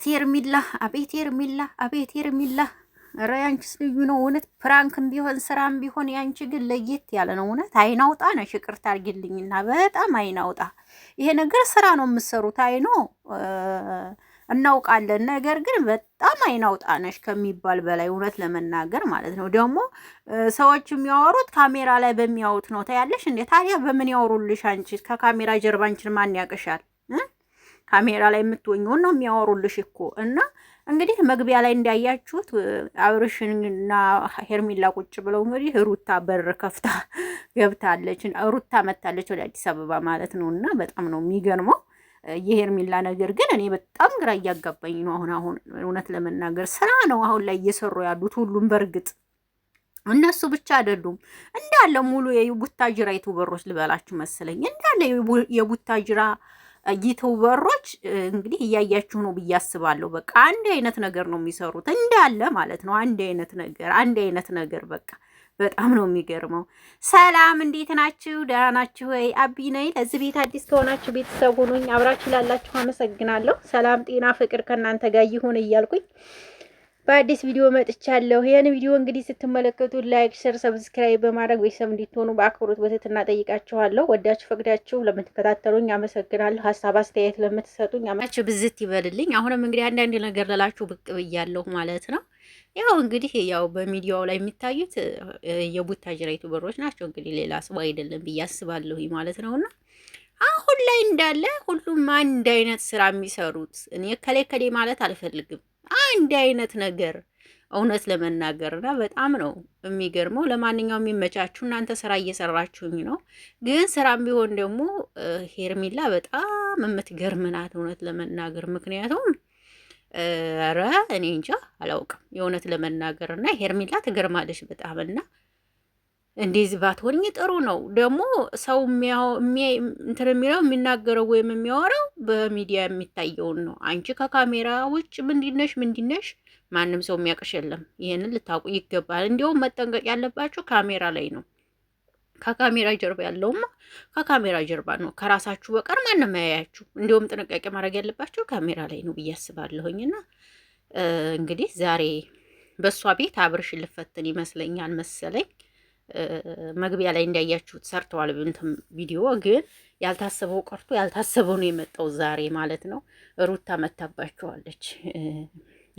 አቤት ሄርሚላ፣ አቤት ሄርሚላ፣ አቤት ሄርሚላ። ኧረ ያንቺስ ልዩ ነው እውነት። ፕራንክም ቢሆን ስራም ቢሆን ያንቺ ግን ለየት ያለ ነው እውነት። አይናውጣ ነሽ፣ ይቅርታ አድርጊልኝና በጣም አይናውጣ። ይሄ ነገር ስራ ነው የምትሰሩት፣ አይኖ እናውቃለን። ነገር ግን በጣም አይናውጣ ነሽ ከሚባል በላይ እውነት ለመናገር ማለት ነው። ደግሞ ሰዎች የሚያወሩት ካሜራ ላይ በሚያዩት ነው። ታያለሽ እንዴ ታዲያ በምን ያወሩልሽ? አንቺ ከካሜራ ጀርባ አንቺን ማን ያቅሻል? ካሜራ ላይ የምትወኘውን ነው የሚያወሩልሽ እኮ እና እንግዲህ መግቢያ ላይ እንዳያችሁት አብርሽንና ሄርሚላ ቁጭ ብለው እንግዲህ ሩታ በር ከፍታ ገብታለች። ሩታ መታለች ወደ አዲስ አበባ ማለት ነው። እና በጣም ነው የሚገርመው የሄርሚላ ነገር ግን እኔ በጣም ግራ እያጋባኝ ነው። አሁን አሁን እውነት ለመናገር ስራ ነው አሁን ላይ እየሰሩ ያሉት ሁሉም። በእርግጥ እነሱ ብቻ አይደሉም እንዳለ ሙሉ የቡታጅራ የቱበሮች ልበላችሁ መሰለኝ እንዳለ የቡታጅራ በሮች እንግዲህ እያያችሁ ነው ብዬ አስባለሁ። በቃ አንድ አይነት ነገር ነው የሚሰሩት እንዳለ ማለት ነው። አንድ አይነት ነገር አንድ አይነት ነገር በቃ በጣም ነው የሚገርመው። ሰላም፣ እንዴት ናችሁ? ደህና ናችሁ ወይ? አቢ ነኝ። ለዚህ ቤት አዲስ ከሆናችሁ ቤተሰብ ሁኑኝ። አብራችሁ ላላችሁ አመሰግናለሁ። ሰላም፣ ጤና፣ ፍቅር ከእናንተ ጋር ይሁን እያልኩኝ በአዲስ ቪዲዮ መጥቻለሁ። ይህን ቪዲዮ እንግዲህ ስትመለከቱ ላይክ፣ ሸር፣ ሰብስክራይብ በማድረግ ቤተሰብ እንዲትሆኑ በአክብሮት በትህትና ጠይቃችኋለሁ። ወዳችሁ ፈቅዳችሁ ለምትከታተሉኝ አመሰግናለሁ። ሀሳብ አስተያየት ለምትሰጡኝ አመሰግናችሁ ብዝት ይበልልኝ። አሁንም እንግዲህ አንዳንድ ነገር ልላችሁ ብቅ ብያለሁ ማለት ነው። ያው እንግዲህ ያው በሚዲያው ላይ የሚታዩት የቡታጅራ ዩቱበሮች ናቸው። እንግዲህ ሌላ ሰው አይደለም ብዬ አስባለሁ ማለት ነውና አሁን ላይ እንዳለ ሁሉም አንድ አይነት ስራ የሚሰሩት እኔ ከሌ ከሌ ማለት አልፈልግም። አንድ አይነት ነገር እውነት ለመናገር እና በጣም ነው የሚገርመው። ለማንኛውም የሚመቻችሁ እናንተ ስራ እየሰራችሁኝ ነው፣ ግን ስራም ቢሆን ደግሞ ሄርሚላ በጣም የምትገርም ናት እውነት ለመናገር ምክንያቱም ኧረ እኔ እንጃ አላውቅም የእውነት ለመናገር እና ሄርሚላ ትገርማለች በጣም እና እንደዚህ ባትሆኝ ጥሩ ነው። ደግሞ ሰው እንትን የሚለው የሚናገረው ወይም የሚያወራው በሚዲያ የሚታየውን ነው። አንቺ ከካሜራ ውጭ ምንድነሽ ምንድነሽ ማንም ሰው የሚያውቅሽ የለም። ይህንን ልታውቁ ይገባል። እንዲሁም መጠንቀቅ ያለባችሁ ካሜራ ላይ ነው። ከካሜራ ጀርባ ያለውማ ከካሜራ ጀርባ ነው። ከራሳችሁ በቀር ማንም ያያችሁ። እንዲሁም ጥንቃቄ ማድረግ ያለባችሁ ካሜራ ላይ ነው ብዬ አስባለሁኝና እንግዲህ ዛሬ በእሷ ቤት አብርሽ ልፈትን ይመስለኛል መሰለኝ መግቢያ ላይ እንዳያችሁት ሰርተዋል እንትን ቪዲዮ ግን ያልታሰበው ቀርቶ ያልታሰበው ነው የመጣው ዛሬ ማለት ነው። ሩታ መታባችኋለች።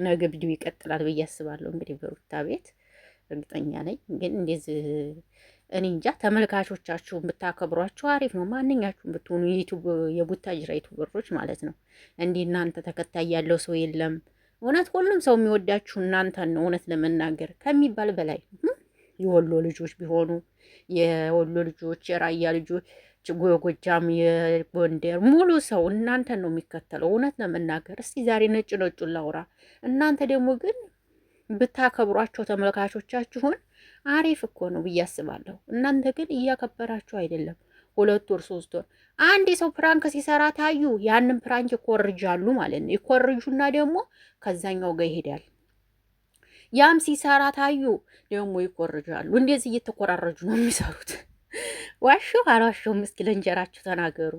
ነገ ቪዲዮ ይቀጥላል ብዬ አስባለሁ። እንግዲህ በሩታ ቤት እርግጠኛ ነኝ። ግን እንደዚህ እኔ እንጃ። ተመልካቾቻችሁን ብታከብሯቸው አሪፍ ነው። ማንኛችሁም ብትሆኑ የቡታ ጅራ ዩቱበሮች ማለት ነው። እንዲህ እናንተ ተከታይ ያለው ሰው የለም። እውነት ሁሉም ሰው የሚወዳችሁ እናንተን ነው። እውነት ለመናገር ከሚባል በላይ የወሎ ልጆች ቢሆኑ የወሎ ልጆች፣ የራያ ልጆች፣ የጎጃም፣ የጎንደር ሙሉ ሰው እናንተን ነው የሚከተለው። እውነት ለመናገር እስቲ ዛሬ ነጭ ነጩ ላውራ። እናንተ ደግሞ ግን ብታከብሯቸው ተመልካቾቻችሁን አሪፍ እኮ ነው ብዬ አስባለሁ። እናንተ ግን እያከበራችሁ አይደለም። ሁለት ወር ሶስት ወር አንድ ሰው ፕራንክ ሲሰራ ታዩ። ያንን ፕራንክ ይኮርጃሉ ማለት ነው። ይኮርጁና ደግሞ ከዛኛው ጋር ይሄዳል። ያም ሲሰራ ታዩ ደግሞ ይኮርጃሉ። እንደዚህ እየተኮራረጁ ነው የሚሰሩት። ዋሾ አልዋሸሁም እስኪ ለእንጀራችሁ ተናገሩ።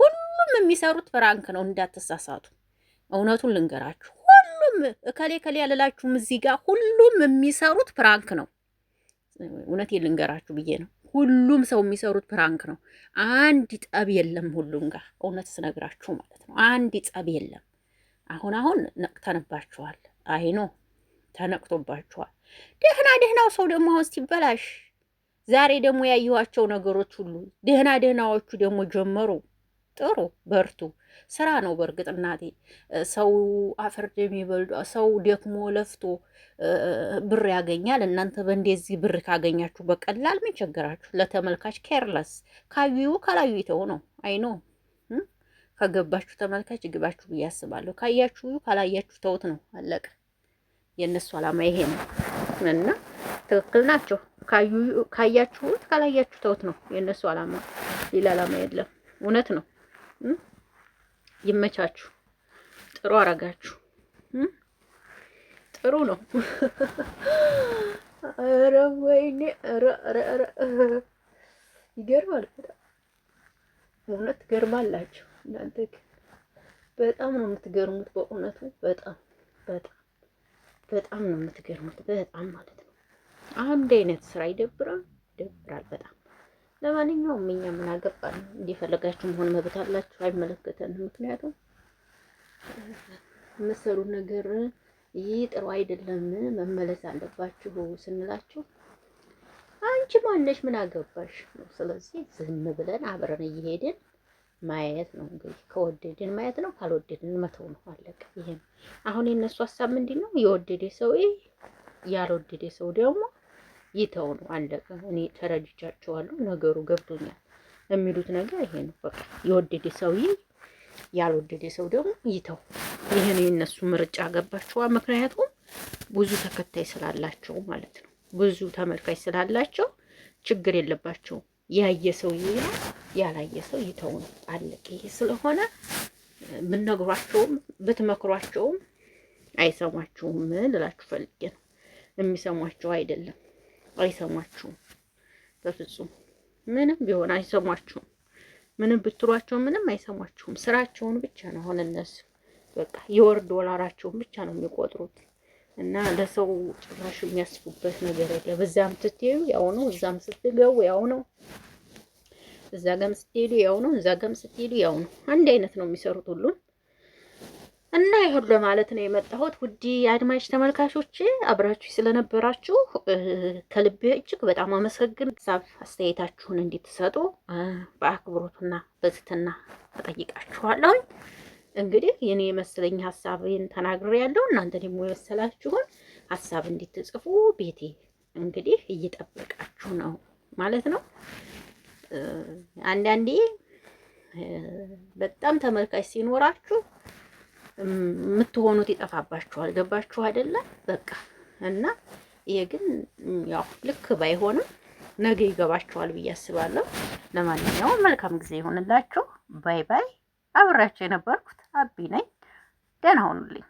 ሁሉም የሚሰሩት ፍራንክ ነው፣ እንዳትሳሳቱ። እውነቱን ልንገራችሁ፣ ሁሉም እከሌ ከሌ ያለላችሁም እዚህ ጋር ሁሉም የሚሰሩት ፍራንክ ነው። እውነቴን ልንገራችሁ ብዬ ነው። ሁሉም ሰው የሚሰሩት ፕራንክ ነው። አንድ ጠብ የለም፣ ሁሉም ጋር እውነት ስነግራችሁ ማለት ነው። አንድ ጠብ የለም። አሁን አሁን ነቅተንባችኋል አይኖ ተነቅቶባቸዋል ደህና ደህናው ሰው ደግሞ አሁን ሲበላሽ፣ ዛሬ ደግሞ ያየኋቸው ነገሮች ሁሉ ደህና ደህናዎቹ ደግሞ ጀመሩ። ጥሩ በርቱ። ስራ ነው። በእርግጥ እናቴ ሰው አፈር የሚበልዷ ሰው ደክሞ ለፍቶ ብር ያገኛል። እናንተ በእንደዚህ ብር ካገኛችሁ በቀላል ምን ቸገራችሁ? ለተመልካች ኬርለስ ካዩ ካላዩ ነው። አይኖ ከገባችሁ ተመልካች ግባችሁ ብዬ አስባለሁ። ካያችሁ ካላያችሁ ተውት ነው አለቀ። የእነሱ አላማ ይሄ ነው እና ትክክል ናቸው። ካያችሁት ካላያችሁ ተውት ነው የእነሱ አላማ፣ ሌላ ዓላማ የለም። እውነት ነው። ይመቻችሁ። ጥሩ አረጋችሁ። ጥሩ ነው። ኧረ ወይኔ! ኧረ ኧረ! ይገርማል። እውነት ትገርማላችሁ እናንተ። በጣም ነው የምትገርሙት በእውነቱ በጣም በጣም በጣም ነው የምትገርሙት። በጣም ማለት ነው አንድ አይነት ስራ ይደብራል፣ ይደብራል በጣም ለማንኛውም እኛ ምን አገባን? እንደፈለጋችሁ መሆን መብት አላችሁ፣ አይመለከተንም። ምክንያቱም መሰሉ ነገር ይህ ጥሩ አይደለም፣ መመለስ አለባችሁ ስንላችሁ አንቺ ማነሽ ምን አገባሽ ነው። ስለዚህ ዝም ብለን አብረን እየሄድን ማየት ነው እንግዲህ ከወደድን ማየት ነው፣ ካልወደድን መተው ነው። አለቀ። ይሄን አሁን የነሱ ሀሳብ ምንድን ነው? የወደደ ሰው ያልወደደ ሰው ደግሞ ይተው ነው። አለቀ። እኔ ተረድቻቸዋለሁ፣ ነገሩ ገብቶኛል። የሚሉት ነገር ይሄ ነው። በቃ የወደደ ሰው ያልወደደ ሰው ደግሞ ይተው። ይሄን የነሱ ምርጫ ገባቸዋ ምክንያቱም ብዙ ተከታይ ስላላቸው ማለት ነው፣ ብዙ ተመልካች ስላላቸው ችግር የለባቸውም። ያየ ሰው ይላ ያላየ ሰው ይተው ነው አለቅ። ይሄ ስለሆነ ብነግሯቸውም ብትመክሯቸውም አይሰሟችሁም ልላችሁ ፈልጌ ነው። የሚሰሟችሁ አይደለም፣ አይሰማችሁም በፍጹም ምንም ቢሆን አይሰሟችሁም። ምንም ብትሏቸው ምንም አይሰሟችሁም። ስራቸውን ብቻ ነው አሁን እነሱ በቃ የወር ዶላራቸውን ብቻ ነው የሚቆጥሩት። እና ለሰው ጭራሽ የሚያስቡበት ነገር የለ። በዛም ስትሄዱ ያው ነው፣ እዛም ስትገቡ ያው ነው፣ እዛ ጋም ስትሄዱ ያው ነው፣ እዛ ጋም ስትሄዱ ያው ነው። አንድ አይነት ነው የሚሰሩት ሁሉም። እና ይሁን ለማለት ነው የመጣሁት። ውድ የአድማጭ ተመልካቾች አብራችሁ ስለነበራችሁ ከልቤ እጅግ በጣም አመሰግን። ሳብ አስተያየታችሁን እንድትሰጡ በአክብሮትና በትህትና እጠይቃችኋለሁ። እንግዲህ የኔ የመሰለኝ ሀሳብን ተናግሬ ያለው እናንተ ደግሞ የመሰላችሁን ሀሳብ እንድትጽፉ ቤቴ እንግዲህ እየጠበቃችሁ ነው ማለት ነው። አንዳንዴ በጣም ተመልካች ሲኖራችሁ የምትሆኑት ይጠፋባችኋል። ገባችሁ አይደለም? በቃ እና ይሄ ግን ያው ልክ ባይሆንም ነገ ይገባችኋል ብዬ አስባለሁ። ለማንኛውም መልካም ጊዜ ይሆንላችሁ። ባይ ባይ። አብራችሁ የነበርኩት አቢ ነኝ። ደህና ሆኑልኝ።